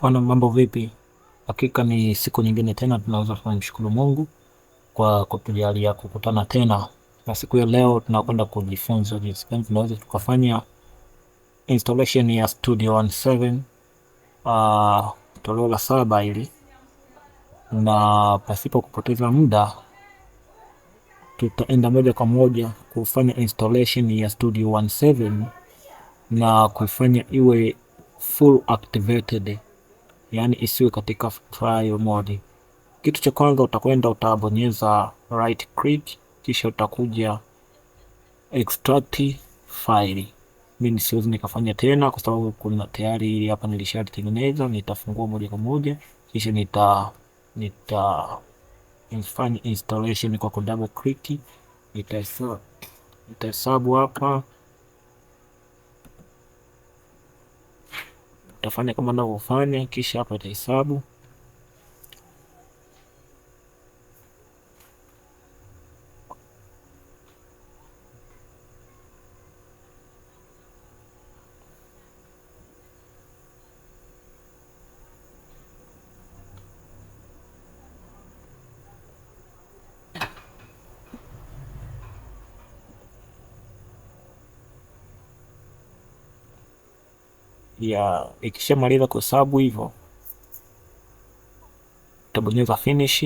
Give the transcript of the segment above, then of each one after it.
Bwana, mambo vipi? Hakika ni siku nyingine tena tunaweza kumshukuru Mungu kwa kutujalia kukutana tena, na siku ya leo tunakwenda kujifunza jinsi gani tunaweza tukafanya installation ya Studio One 7 uh, ah, toleo la saba hili, na pasipo kupoteza muda tutaenda moja kwa moja kufanya installation ya Studio One na kufanya iwe full activated yani isiwe katika trial mode. Kitu cha kwanza utakwenda utabonyeza right click, kisha utakuja extract file. Mimi nisiwezi nikafanya tena kwa sababu kuna tayari ili hapa nilishatengeneza. Nitafungua moja kwa moja, kisha nita nita installation kwa ku double click, nitahesabu hapa utafanya kama unavyofanya, kisha hapa utahesabu ya ikishamaliza kusabu hivyo utabonyeza finish,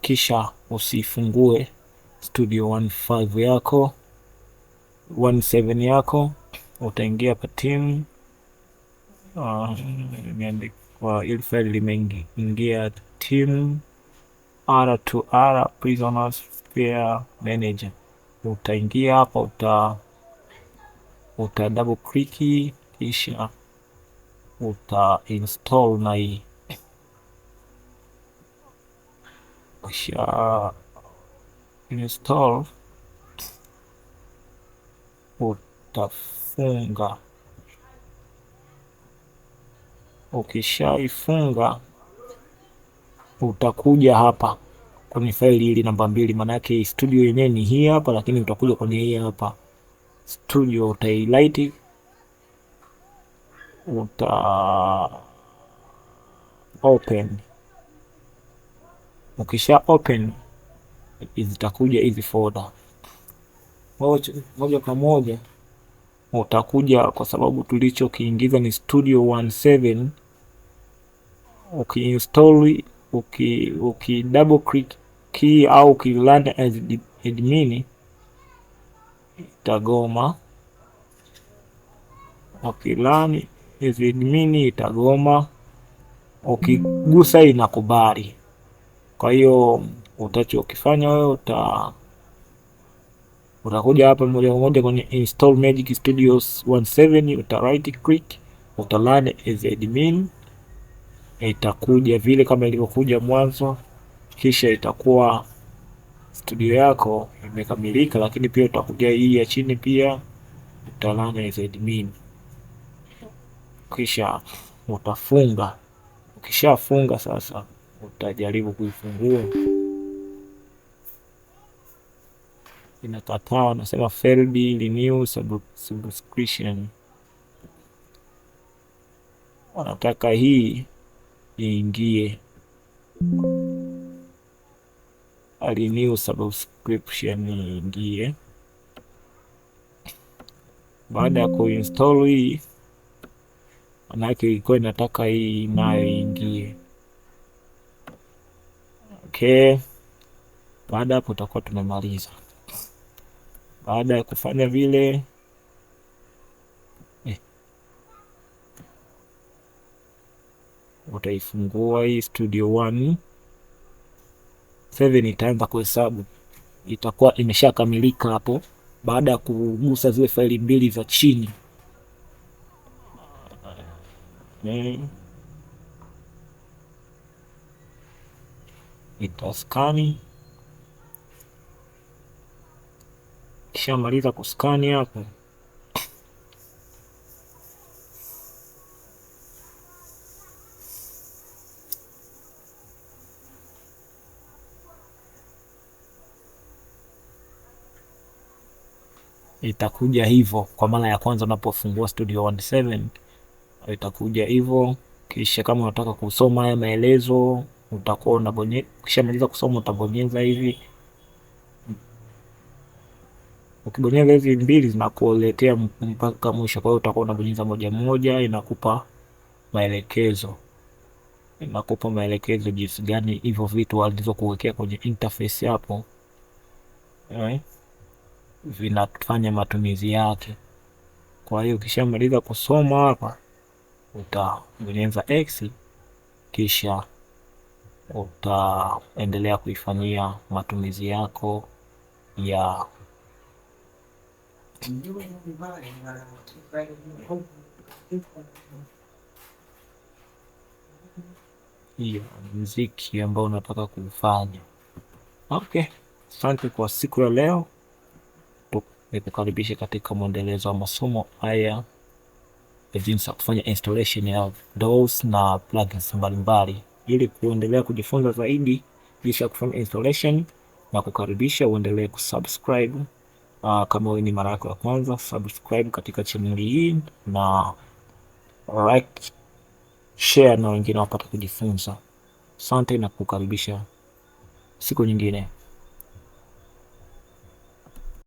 kisha usifungue Studio 15 yako 17 yako, utaingia pa team um, imeandikwa, ili faili limeingia team R to R prisoners fair manager. Utaingia hapa uta uta double click kisha uta install na hii kisha install utafunga. Ukishaifunga utakuja hapa kwenye faili hili namba mbili, yake studio yenyewe ni hii hapa, lakini utakuja kwenye hii hapa studio utailight uta open. Ukisha open zitakuja hizi folder moja kwa moja utakuja, kwa sababu tulichokiingiza ni Studio 17. Ukiinstall uki, uki double click key au ukirun as admin itagoma ukirun admini itagoma, ukigusa inakubali. Kwa hiyo utachokifanya wewe uta utakuja hapa moja kwa moja kwenye install Magic Studios 17 uta right click, uta run as admin, itakuja vile kama ilivyokuja mwanzo, kisha itakuwa studio yako imekamilika. Lakini pia utakuja hii ya chini pia uta run as admin kisha utafunga. Ukishafunga sasa, utajaribu kuifungua, inakataa, nasema failed renew subscription. Wanataka hii iingie renew subscription iingie. Baada ya kuinstall hii manake ilikuwa inataka hii nayo iingie. Okay, baada hapo tutakuwa tumemaliza. Baada ya kufanya vile eh, utaifungua hii Studio One. Sasa itaanza kuhesabu, itakuwa imeshakamilika hapo, baada ya kugusa zile faili mbili za chini ni taskani. Ishamaliza kuskani hapo, itakuja hivyo kwa mara ya kwanza unapofungua Studio 17 itakuja hivyo. Kisha kama unataka kusoma haya maelezo utakuwa unabonyeza, kisha maliza kusoma utabonyeza hivi. Ukibonyeza hizi mbili zinakuletea mpaka mwisho, kwa hiyo utakuwa unabonyeza moja moja, inakupa maelekezo inakupa maelekezo jinsi gani hivyo vitu walizokuwekea kwenye interface hapo eh, vinafanya matumizi yake. Kwa hiyo ukishamaliza kusoma hapa utabonyeza x kisha utaendelea kuifanyia matumizi yako ya hiyo muziki ambao unataka kuufanya. Okay, asante kwa siku ya leo, nikukaribishe katika mwendelezo wa masomo haya jinsi ya kufanya installation ya DAWs na plugins mbalimbali, ili kuendelea kujifunza zaidi jinsi ya kufanya installation na kukaribisha uendelee kusubscribe. Uh, kama wewe ni mara yako ya kwanza, subscribe katika channel hii na like, share na wengine wapata kujifunza. Asante na kukaribisha siku nyingine.